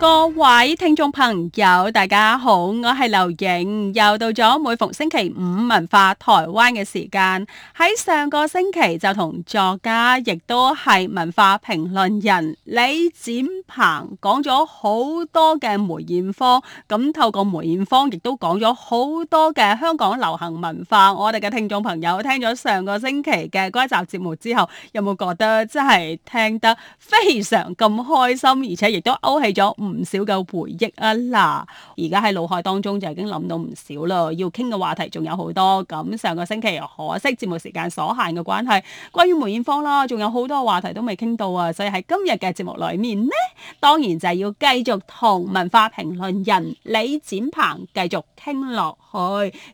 各位聽眾朋友，大家好，我係劉穎，又到咗每逢星期五文化台灣嘅時間。喺上個星期就同作家，亦都係文化評論人李展鵬講咗好多嘅梅艷芳。咁透過梅艷芳，亦都講咗好多嘅香港流行文化。我哋嘅聽眾朋友聽咗上個星期嘅嗰一集節目之後，有冇覺得真係聽得非常咁開心，而且亦都勾起咗唔少嘅回憶啊嗱，而家喺腦海當中就已經諗到唔少咯，要傾嘅話題仲有好多。咁上個星期可惜節目時間所限嘅關係，關於梅艷芳啦，仲有好多話題都未傾到啊。所以喺今日嘅節目裡面呢，當然就係要繼續同文化評論人李展鵬繼續傾落去。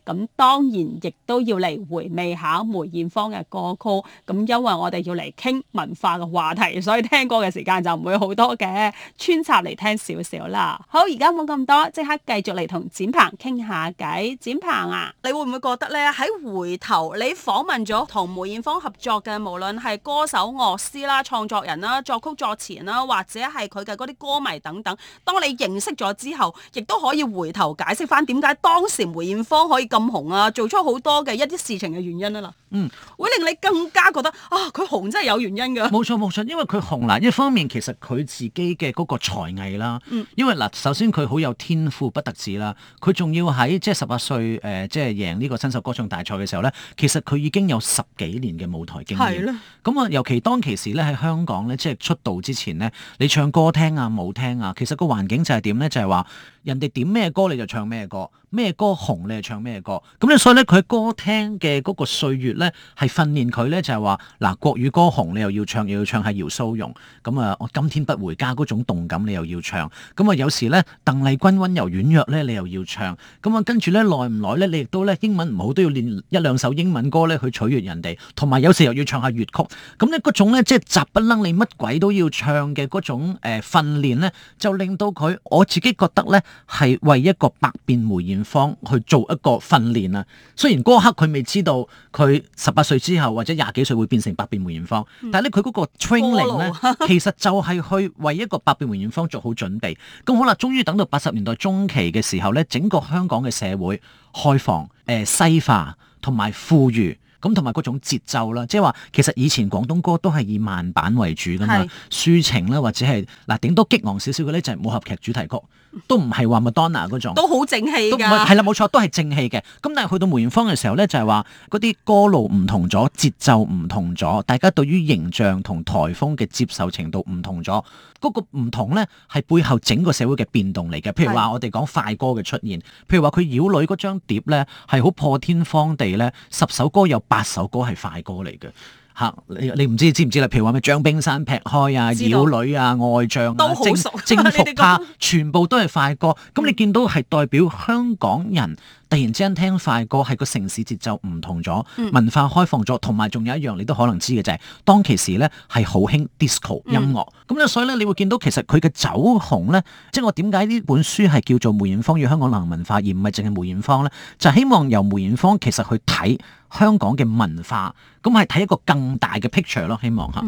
咁當然亦都要嚟回味下梅艷芳嘅歌曲。咁因為我哋要嚟傾文化嘅話題，所以聽歌嘅時間就唔會好多嘅，穿插嚟聽。少少啦，好，而家冇咁多，即刻繼續嚟同展鵬傾下偈。展鵬啊，你會唔會覺得呢？喺回頭你訪問咗同梅艷芳合作嘅，無論係歌手、樂師啦、創作人啦、作曲作詞啦，或者係佢嘅嗰啲歌迷等等，當你認識咗之後，亦都可以回頭解釋翻點解當時梅艷芳可以咁紅啊，做出好多嘅一啲事情嘅原因啊啦。嗯，會令你更加覺得啊，佢紅真係有原因噶。冇錯冇錯，因為佢紅啦，一方面其實佢自己嘅嗰個才藝啦。嗯，因為嗱，首先佢好有天賦不特止啦，佢仲要喺即係十八歲誒，即係贏呢個新秀歌唱大賽嘅時候咧，其實佢已經有十幾年嘅舞台經驗。係咁啊，尤其當其時咧喺香港咧，即係出道之前咧，你唱歌聽啊，舞聽啊，其實個環境就係點咧，就係、是、話人哋點咩歌你就唱咩歌。咩歌紅你係唱咩歌咁咧？所以咧佢歌廳嘅嗰個歲月咧，係訓練佢咧就係話嗱，國語歌紅你又要唱，又要唱下姚蘇蓉咁啊！我今天不回家嗰種動感你又要唱咁啊！有時咧鄧麗君溫柔軟弱咧你又要唱咁啊！跟住咧耐唔耐咧你亦都咧英文唔好都要練一兩首英文歌咧去取悅人哋，同埋有，有時又要唱下粵曲咁咧嗰種咧即係雜不楞你乜鬼都要唱嘅嗰種誒訓練咧，就令到佢我自己覺得咧係為一個百變梅艷方去做一個訓練啊！雖然嗰刻佢未知道佢十八歲之後或者廿幾歲會變成百變梅艷芳，但係咧佢嗰個 training 咧，其實就係去為一個百變梅艷芳做好準備。咁好啦，終於等到八十年代中期嘅時候咧，整個香港嘅社會開放、誒、呃、西化同埋富裕。咁同埋嗰種節奏啦，即係話其實以前廣東歌都係以慢板為主噶嘛，抒是情啦或者係嗱頂多激昂少少嘅咧就係武俠劇主題曲，都唔係話麥當娜嗰種，都好正氣㗎，係啦冇錯，都係正氣嘅。咁但係去到梅艷芳嘅時候咧，就係話嗰啲歌路唔同咗，節奏唔同咗，大家對於形象同台風嘅接受程度唔同咗，嗰、嗰個唔同咧係背後整個社會嘅變動嚟嘅。譬如話我哋講快歌嘅出現，是譬如話佢《妖女》嗰張碟咧係好破天荒地咧十首歌有，八首歌係快歌嚟嘅，嚇、啊、你你唔知知唔知啦？譬如話咩張冰山劈開啊、知道，妖女啊、愛將啊、征服他，全部都係快歌。咁你見到係代表香港人。突然之間聽快歌，係個城市節奏唔同咗，嗯、文化開放咗，同埋仲有一樣你都可能知嘅就係當其時呢係好興 disco 音樂。咁咧、嗯、所以呢，你會見到其實佢嘅走紅呢，即係我點解呢本書係叫做梅艷芳與香港流行文化，而唔係淨係梅艷芳呢？就係、希望由梅艷芳其實去睇香港嘅文化，咁係睇一個更大嘅 picture 咯。希望嚇。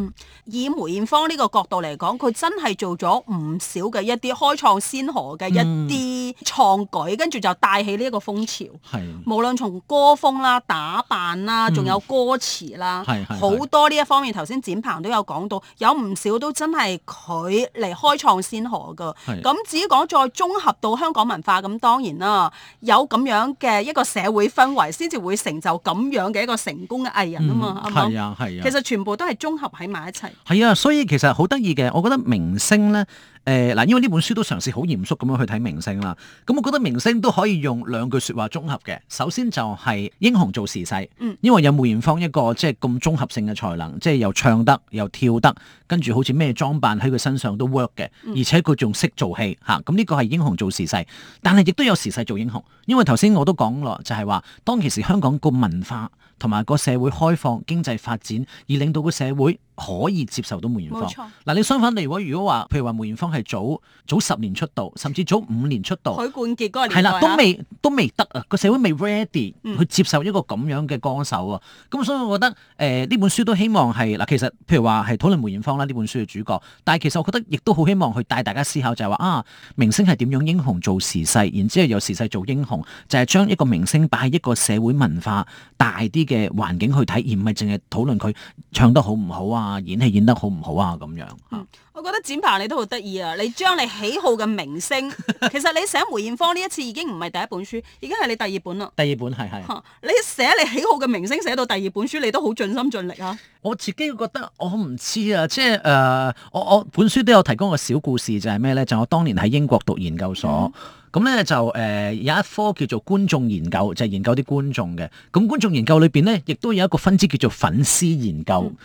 以梅艷芳呢個角度嚟講，佢真係做咗唔少嘅一啲開創先河嘅一啲創舉，跟住、嗯、就帶起呢一個風。潮，係，無論從歌風啦、打扮啦，仲有歌詞啦，好、嗯、多呢一方面，頭先展鵬都有講到，有唔少都真係佢嚟開創先河噶。咁至於講再綜合到香港文化，咁當然啦，有咁樣嘅一個社會氛圍，先至會成就咁樣嘅一個成功嘅藝人啊嘛，係、嗯、啊？係啊，啊其實全部都係綜合喺埋一齊。係啊，所以其實好得意嘅，我覺得明星呢。誒，嗱，因為呢本書都嘗試好嚴肅咁樣去睇明星啦，咁我覺得明星都可以用兩句說話綜合嘅。首先就係英雄做時勢，因為有梅艷芳一個即係咁綜合性嘅才能，即係又唱得又跳得，跟住好似咩裝扮喺佢身上都 work 嘅，而且佢仲識做戲吓，咁呢個係英雄做時勢。但係亦都有時勢做英雄，因為頭先我都講咯，就係話當其時香港個文化同埋個社會開放、經濟發展而令到個社會。可以接受到梅艷芳。嗱，你相反，你如果如果話，譬如話梅艷芳係早早十年出道，甚至早五年出道，許冠傑嗰係，係啦，都未都未得啊！個社會未 ready 去接受一個咁樣嘅歌手啊。咁所以，我覺得誒呢本書都希望係嗱，其實譬如話係討論梅艷芳啦，呢本書嘅主角。但係其實我覺得亦都好希望去帶大家思考，就係話啊，明星係點樣英雄做時勢，然之後有時勢做英雄，就係將一個明星擺喺一個社會文化大啲嘅環境去睇，而唔係淨係討論佢唱得好唔好啊。啊！演戲演得好唔好啊？咁樣、嗯啊，我覺得展鵬你都好得意啊！你將你喜好嘅明星， 其實你寫梅艷芳呢一次已經唔係第一本書，已經係你第二本啦。第二本係係、啊，你寫你喜好嘅明星，寫到第二本書，你都好盡心盡力啊！我自己覺得我唔知啊，即係誒、呃，我我本書都有提供個小故事，就係、是、咩呢？就是、我當年喺英國讀研究所，咁呢、嗯，就誒、呃、有一科叫做觀眾研究，就係、研究啲觀眾嘅。咁觀眾研究裏邊呢，亦都有一個分支叫做粉絲研究。嗯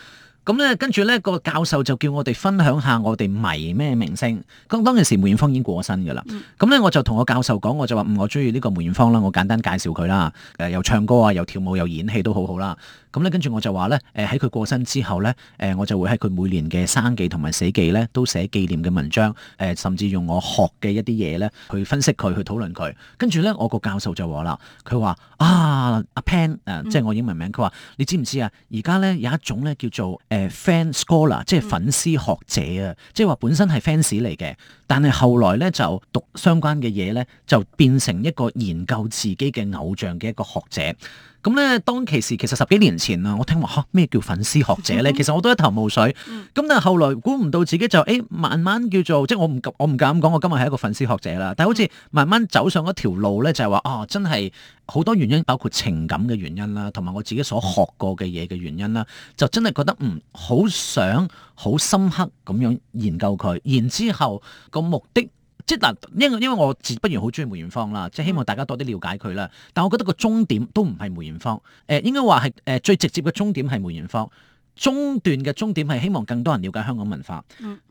咁咧，跟住咧個教授就叫我哋分享下我哋迷咩明星。咁當陣時梅艷芳已經過身㗎啦。咁咧我就同個教授講，我就話：唔，我中意呢個梅艷芳啦。我簡單介紹佢啦。誒、呃，又唱歌啊，又跳舞、啊，又演戲都好好、啊、啦。咁咧，跟住我就話咧，誒喺佢過身之後咧，誒我就會喺佢每年嘅生記生忌同埋死忌咧，都寫紀念嘅文章，誒甚至用我學嘅一啲嘢咧去分析佢，去討論佢。跟住咧，我個教授就話啦，佢話啊，阿、啊、Pan 誒、啊，即係我英文名，佢話你知唔知啊？而家咧有一種咧叫做誒、啊、fan scholar，即係粉絲學者啊，即係話本身係 fans 嚟嘅，但係後來咧就讀相關嘅嘢咧，就變成一個研究自己嘅偶像嘅一個學者。咁咧，當其時其實十幾年前啊，我聽話咩、啊、叫粉絲學者咧，其實我都一頭霧水。咁但係後來估唔到自己就誒、哎、慢慢叫做，即係我唔我唔敢講，我今日係一個粉絲學者啦。但係好似慢慢走上嗰條路咧，就係、是、話啊，真係好多原因，包括情感嘅原因啦，同埋我自己所學過嘅嘢嘅原因啦，就真係覺得唔好想好深刻咁樣研究佢，然之後個目的。即嗱，因因為我自不然好鍾意梅艷芳啦，即希望大家多啲了解佢啦。但我覺得個終點都唔係梅艷芳，誒、呃、應該話係誒最直接嘅終點係梅艷芳，中段嘅終點係希望更多人了解香港文化，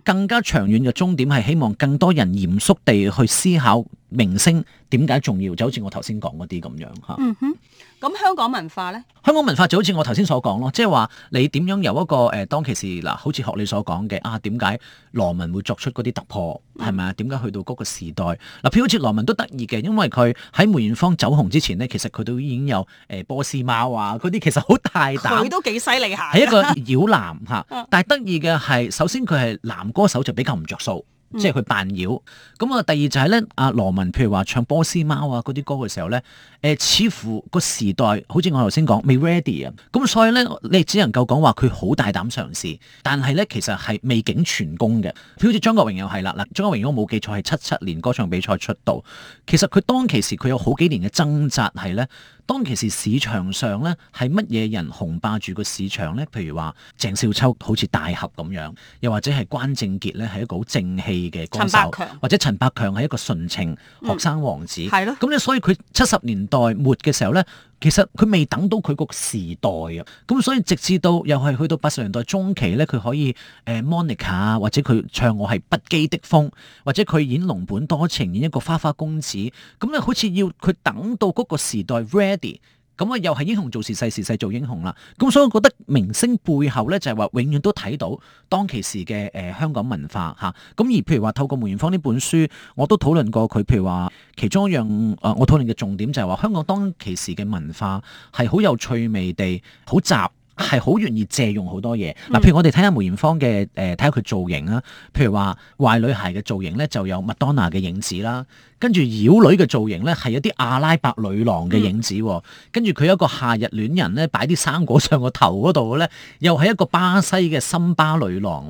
更加長遠嘅終點係希望更多人嚴肅地去思考。明星點解重要，就好似我頭先講嗰啲咁樣嚇。嗯哼，咁香港文化咧？香港文化就好似我頭先所講咯，即係話你點樣由一個誒當其時嗱，好似學你所講嘅啊，點解羅文會作出嗰啲突破係咪啊？點解去到嗰個時代嗱，譬如好似羅文都得意嘅，因為佢喺梅艷芳走紅之前咧，其實佢都已經有誒波斯貓啊嗰啲，其實好大膽，佢都幾犀利下。係一個妖男嚇，但係得意嘅係，首先佢係男歌手就比較唔著數。即係佢扮妖，咁啊第二就係、是、咧，阿、啊、羅文譬如話唱波斯貓啊嗰啲歌嘅時候咧，誒、呃、似乎個時代好似我頭先講未 ready 啊，咁所以咧你只能夠講話佢好大膽嘗試，但係咧其實係未竟全功嘅，好似張國榮又係啦，嗱張國榮如果冇記錯係七七年歌唱比賽出道，其實佢當其時佢有好幾年嘅掙扎係咧。當其時市場上咧係乜嘢人雄霸住個市場咧？譬如話鄭少秋好似大俠咁樣，又或者係關正傑咧係一個好正氣嘅歌手，陳或者陳百強係一個純情學生王子。係咯、嗯，咁咧所以佢七十年代末嘅時候咧。其實佢未等到佢個時代啊，咁所以直至到又係去到八十年代中期咧，佢可以誒、呃、Monica 或者佢唱我係不羈的風，或者佢演儂本多情，演一個花花公子，咁咧好似要佢等到嗰個時代 ready。咁啊，又係英雄做時勢，時勢做英雄啦。咁所以我覺得明星背後咧，就係話永遠都睇到當其時嘅誒、呃、香港文化吓。咁、啊、而譬如話透過梅艷芳呢本書，我都討論過佢，譬如話其中一樣誒、呃，我討論嘅重點就係話香港當其時嘅文化係好有趣味地，好雜。係好容易借用好多嘢嗱，譬如我哋睇下梅艷芳嘅誒，睇下佢造型啊。譬如話《壞女孩》嘅造型咧，就有麥當娜嘅影子啦。跟住《妖女》嘅造型咧，係有啲阿拉伯女郎嘅影子。嗯、跟住佢有一個夏日戀人咧，擺啲生果上個頭嗰度咧，又係一個巴西嘅森巴女郎。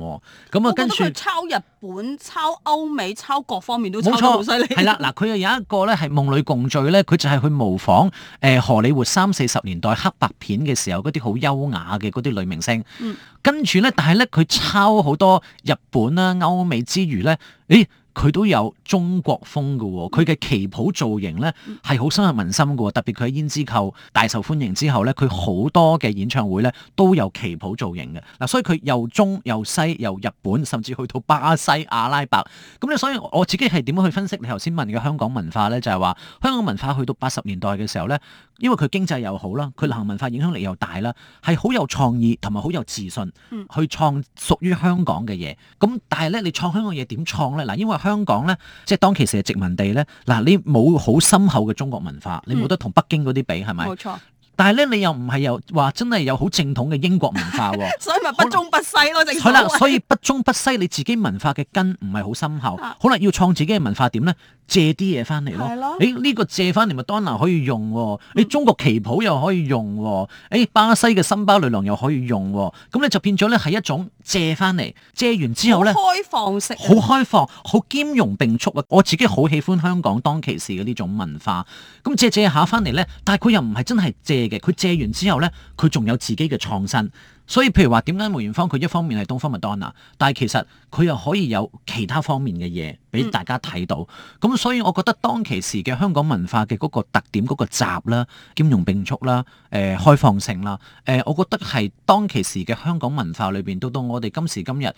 咁啊，跟住佢抄日本、抄歐美、抄各方面都冇錯，犀利係啦。嗱，佢又有一個咧，係夢裡共聚咧，佢就係去模仿誒荷里活三四十年代黑白片嘅時候嗰啲好優雅嘅嗰啲女明星，嗯、跟住呢，但係呢，佢抄好多日本啦、啊、歐美之餘呢，誒，佢都有中國風嘅喎、哦，佢嘅旗袍造型呢係好深入民心嘅喎、哦，特別佢喺胭脂扣大受歡迎之後呢，佢好多嘅演唱會呢都有旗袍造型嘅，嗱、啊，所以佢又中又西又日本，甚至去到巴西、阿拉伯，咁你所以我自己係點樣去分析你頭先問嘅香港文化呢，就係、是、話香港文化去到八十年代嘅時候呢。因為佢經濟又好啦，佢流行文化影響力又大啦，係好有創意同埋好有自信去創屬於香港嘅嘢。咁但係咧，你創香港嘢點創咧？嗱，因為香港咧，即係當其時係殖民地咧，嗱，你冇好深厚嘅中國文化，你冇得同北京嗰啲比，係咪？嗯，冇錯。但係咧，你又唔係又話真係有好正統嘅英國文化喎， 所以咪不，不中不西咯，正了。係啦， 所以不中不西，你自己文化嘅根唔係好深厚。啊、好啦，要創自己嘅文化點咧，借啲嘢翻嚟咯。係咯。誒呢、哎這個借翻嚟麥當勞可以用喎，誒、嗯、中國旗袍又可以用喎、哎，巴西嘅森巴女郎又可以用喎，咁你就變咗咧係一種借翻嚟，借完之後咧，開放式、啊，好開放，好兼容並蓄啊！我自己好喜歡香港當其時嘅呢種文化，咁借借下翻嚟咧，但係佢又唔係真係借。佢借完之後呢，佢仲有自己嘅創新，所以譬如話點解梅艷芳佢一方面係東方麥當娜，但係其實佢又可以有其他方面嘅嘢俾大家睇到，咁所以我覺得當其時嘅香港文化嘅嗰個特點個，嗰個雜啦、兼容並蓄啦、誒開放性啦，誒、呃，我覺得係當其時嘅香港文化裏邊，到到我哋今時今日。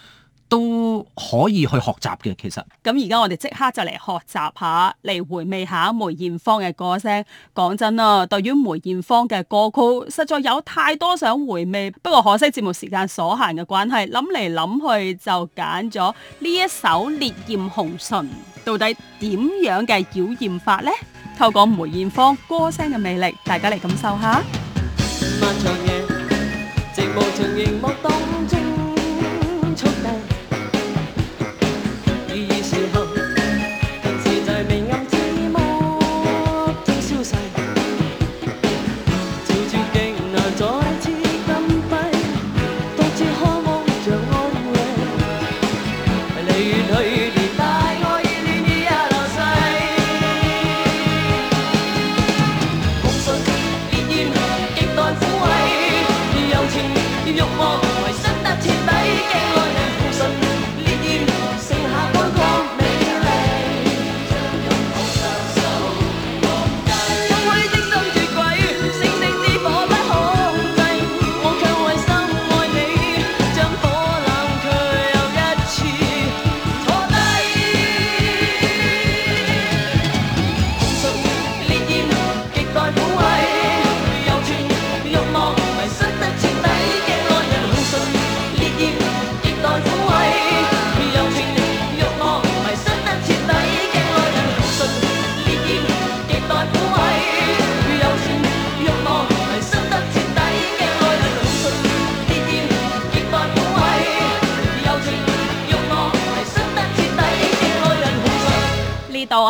都可以去學習嘅，其實。咁而家我哋即刻就嚟學習下，嚟回味下梅艷芳嘅歌聲。講真啦，對於梅艷芳嘅歌曲，實在有太多想回味，不過可惜節目時間所限嘅關係，諗嚟諗去就揀咗呢一首《烈焰紅唇》。到底點樣嘅妖豔法呢？透過梅艷芳歌聲嘅魅力，大家嚟感受下。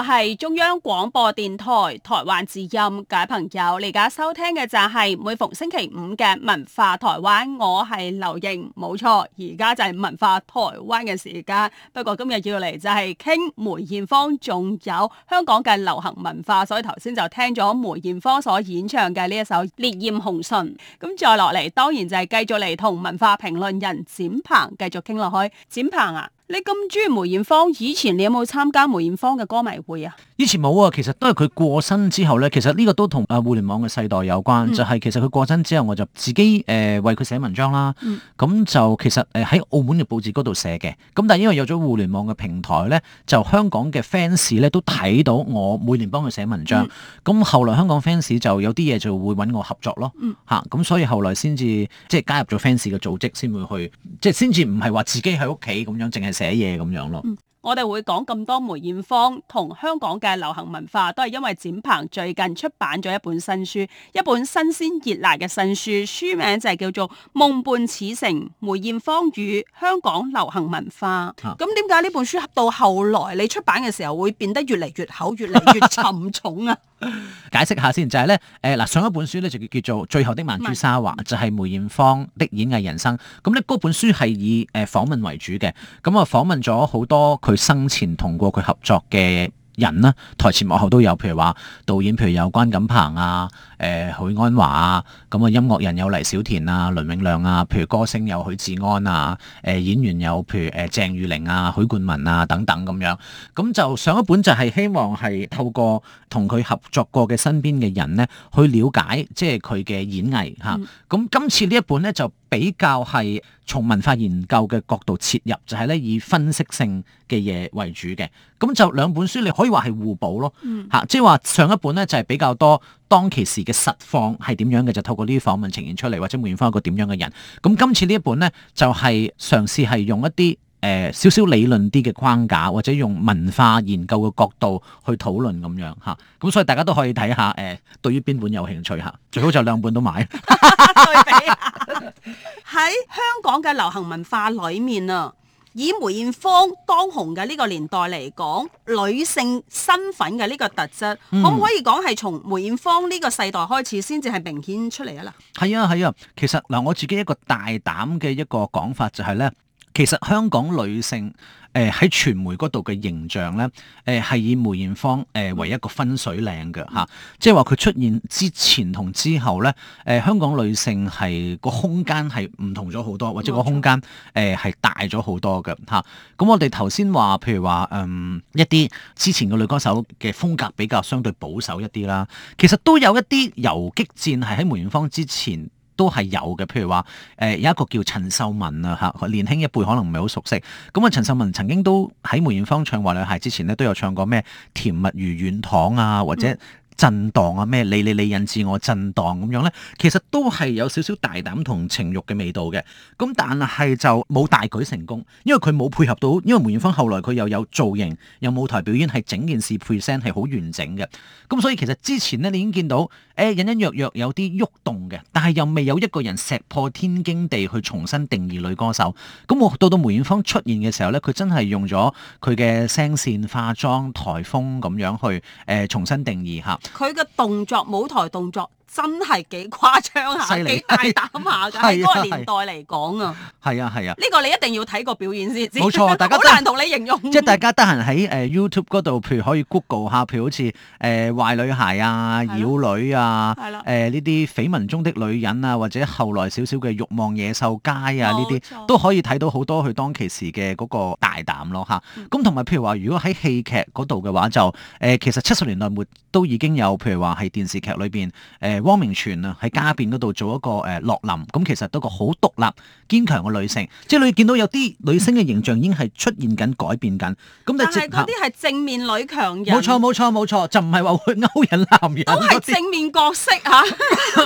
係中央廣播電台台灣之音嘅朋友，而家收聽嘅就係每逢星期五嘅文，文化台灣。我係劉盈，冇錯，而家就係文化台灣嘅時間。不過今日要嚟就係傾梅艷芳，仲有香港嘅流行文化。所以頭先就聽咗梅艷芳所演唱嘅呢一首《烈焰紅唇》。咁再落嚟，當然就係繼續嚟同文化評論人展鵬繼續傾落去。展鵬啊！你咁中意梅艷芳，以前你有冇參加梅艷芳嘅歌迷會啊？以前冇啊，其實都係佢過身之後咧，其實呢個都同啊互聯網嘅世代有關，嗯、就係其實佢過身之後，我就自己誒、呃、為佢寫文章啦。咁、嗯、就其實誒喺澳門嘅報紙嗰度寫嘅，咁但係因為有咗互聯網嘅平台咧，就香港嘅 fans 咧都睇到我每年幫佢寫文章。咁、嗯、後來香港 fans 就有啲嘢就會搵我合作咯，吓咁、嗯啊、所以後來先至即係加入咗 fans 嘅組織，先會去即係先至唔係話自己喺屋企咁樣，淨係。寫嘢咁樣咯。嗯。我哋會講咁多梅艷芳同香港嘅流行文化，都係因為展鵬最近出版咗一本新書，一本新鮮熱辣嘅新書，書名就係叫做《夢伴此城：梅艷芳與香港流行文化》。咁點解呢本書合到後來你出版嘅時候會變得越嚟越厚、越嚟越沉重啊？ 解釋下先，就係、是、咧，誒嗱上一本書咧就叫叫做《最後的曼珠沙華》，是就係梅艷芳的演藝人生。咁咧嗰本書係以誒訪問為主嘅，咁啊訪問咗好多佢。生前同過佢合作嘅人啦，台前幕後都有，譬如話導演，譬如有關錦鵬啊，誒許鞍華啊，咁啊音樂人有黎小田啊、雷永亮啊，譬如歌星有許志安啊，誒、呃、演員有譬如誒鄭裕玲啊、許冠文啊等等咁樣，咁就上一本就係希望係透過同佢合作過嘅身邊嘅人呢去了解即係佢嘅演藝吓，咁、嗯啊、今次呢一本呢就。比較係從文化研究嘅角度切入，就係、是、咧以分析性嘅嘢為主嘅，咁就兩本書你可以話係互補咯，嚇、嗯，即係話上一本咧就係、是、比較多當其時嘅實況係點樣嘅，就透過呢啲訪問呈現出嚟，或者梅艷芳一個點樣嘅人，咁今次呢一本咧就係、是、嘗試係用一啲。誒，少少理論啲嘅框架，或者用文化研究嘅角度去討論咁樣吓，咁所以大家都可以睇下誒，對於邊本有興趣吓，最好就兩本都買。對比喺香港嘅流行文化裏面啊，以梅艷芳當紅嘅呢個年代嚟講，女性身份嘅呢個特質，可唔可以講係從梅艷芳呢個世代開始先至係明顯出嚟啊？啦，係啊係啊，其實嗱，我自己一個大膽嘅一個講法就係咧。其實香港女性誒喺、呃、傳媒嗰度嘅形象呢，誒、呃、係以梅艷芳誒、呃、為一個分水嶺嘅嚇，即係話佢出現之前同之後呢，誒、呃、香港女性係個空間係唔同咗好多，或者個空間誒係、呃、大咗好多嘅嚇。咁、啊、我哋頭先話，譬如話嗯一啲之前嘅女歌手嘅風格比較相對保守一啲啦，其實都有一啲遊擊戰係喺梅艷芳之前。都係有嘅，譬如話，誒、呃、有一個叫陳秀文啊，嚇年輕一輩可能唔係好熟悉。咁啊，陳秀文曾經都喺梅艷芳唱《壞女孩》之前咧，都有唱過咩《甜蜜如軟糖》啊，或者、嗯。震盪啊咩？你你你引致我震盪咁樣呢，其實都係有少少大膽同情欲嘅味道嘅。咁但係就冇大舉成功，因為佢冇配合到。因為梅艷芳後來佢又有造型，有舞台表演，係整件事配聲係好完整嘅。咁所以其實之前呢，你已經見到誒隱隱約約有啲喐動嘅，但係又未有一個人石破天驚地去重新定義女歌手。咁我到到梅艷芳出現嘅時候呢，佢真係用咗佢嘅聲線、化妝、台風咁樣去誒、呃、重新定義吓。佢嘅動作，舞台動作。真係幾誇張下，幾害大膽下㗎！喺嗰是個年代嚟講啊，係啊係啊！呢個你一定要睇個表演先，冇錯，好難同你形容。即係大家得閒喺誒 YouTube 嗰度，譬如可以 Google 下，譬如好似誒、呃《壞女孩》啊，了《妖女》啊，係、呃、啦，誒呢啲《緋聞中的女人》啊，或者後來少少嘅《慾望野獸街》啊，呢啲錯都可以睇到好多佢當其時嘅嗰個大膽咯嚇。咁同埋譬如話，如果喺戲劇嗰度嘅話，就誒、呃、其實七十年代末都已經有，譬如話係電視劇裏邊誒。呃呃呃呃呃呃呃汪明荃啊，喺家變嗰度做一個誒，洛琳咁，其實都個好獨立堅強嘅女性，即係你見到有啲女性嘅形象已經係出現緊改變緊，咁、嗯、但係嗰啲係正面女強人，冇錯冇錯冇錯，就唔係話會勾引男人，都係正面角色吓、啊，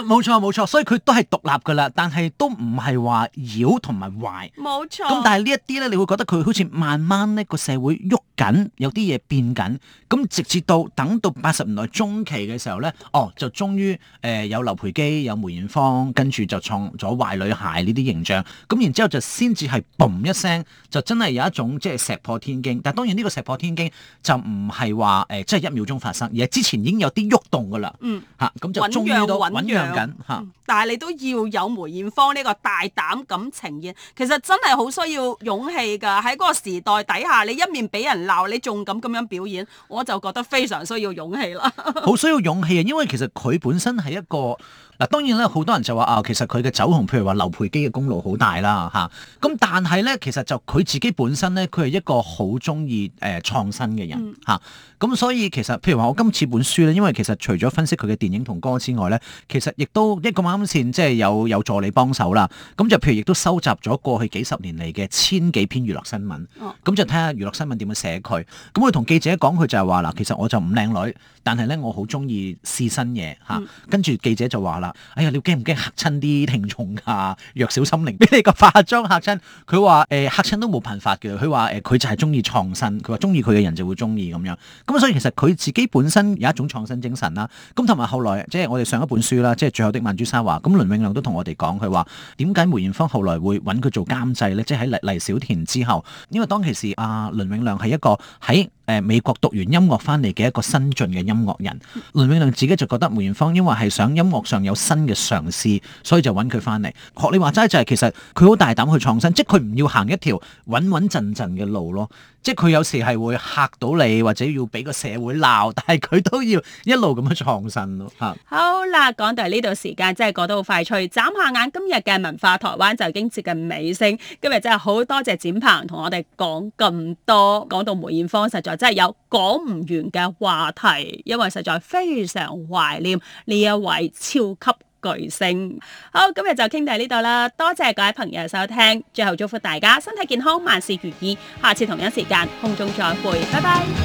冇錯冇錯，所以佢都係獨立噶啦，但係都唔係話妖同埋壞，冇錯錯，咁、嗯、但係呢一啲咧，你會覺得佢好似慢慢呢個社會喐緊，有啲嘢變緊，咁、嗯嗯、直至到等到八十年代中期嘅時候咧，哦，就終於。誒、呃、有劉培基，有梅艷芳，跟住就創咗壞女孩呢啲形象，咁然之後就先至係嘣一聲，就真係有一種即係石破天驚。但係當然呢個石破天驚就唔係話誒即係一秒鐘發生，而係之前已經有啲喐動㗎啦、嗯啊。嗯，嚇咁就終於都醞釀緊，但係你都要有梅艷芳呢個大膽咁呈現，其實真係好需要勇氣㗎。喺嗰個時代底下，你一面俾人鬧，你仲敢咁樣表演，我就覺得非常需要勇氣啦。好 需要勇氣啊，因為其實佢本身係。 係一個。嗱當然啦，好多人就話啊，其實佢嘅走紅，譬如話劉培基嘅功勞好大啦，嚇。咁但係咧，其實就佢自己本身咧，佢係一個好中意誒創新嘅人，嚇。咁所以其實譬如話我今次本書咧，因為其實除咗分析佢嘅電影同歌之外咧，其實亦都一個啱先即係有有助理幫手啦。咁就譬如亦都收集咗過去幾十年嚟嘅千幾篇娛樂新聞，咁、嗯、就睇下娛樂新聞點樣寫佢。咁佢同記者講，佢就係話嗱，其實我就唔靚女，但係咧我好中意試新嘢嚇。嗯嗯、跟住記者就話啦。哎呀，你驚唔驚嚇親啲聽眾㗎？弱小心靈俾你個化妝嚇親，佢話誒，嚇親都冇辦法嘅。佢話誒，佢就係中意創新，佢話中意佢嘅人就會中意咁樣。咁所以其實佢自己本身有一種創新精神啦。咁同埋後來即係我哋上一本書啦，即係最後的曼珠沙華。咁倫永亮都同我哋講，佢話，點解梅艷芳後來會搵佢做監製咧？嗯、即係喺黎黎小田之後，因為當其時阿倫、啊、永亮係一個喺。誒美國讀完音樂翻嚟嘅一個新晉嘅音樂人，倫永亮自己就覺得梅艷芳因為係想音樂上有新嘅嘗試，所以就揾佢翻嚟學。你話齋就係、是、其實佢好大膽去創新，即係佢唔要行一條穩穩陣陣嘅路咯。即係佢有時係會嚇到你，或者要俾個社會鬧，但係佢都要一路咁樣創新咯。嚇，好啦，講到係呢度時間真係過得好快脆，眨下眼今日嘅文化台灣就已經接近尾聲。今日真係好多謝展鵬同我哋講咁多，講到梅艷芳實在。真係有講唔完嘅話題，因為實在非常懷念呢一位超級巨星。好，今日就傾到呢度啦，多謝各位朋友收聽，最後祝福大家身體健康，萬事如意，下次同一時間空中再會，拜拜。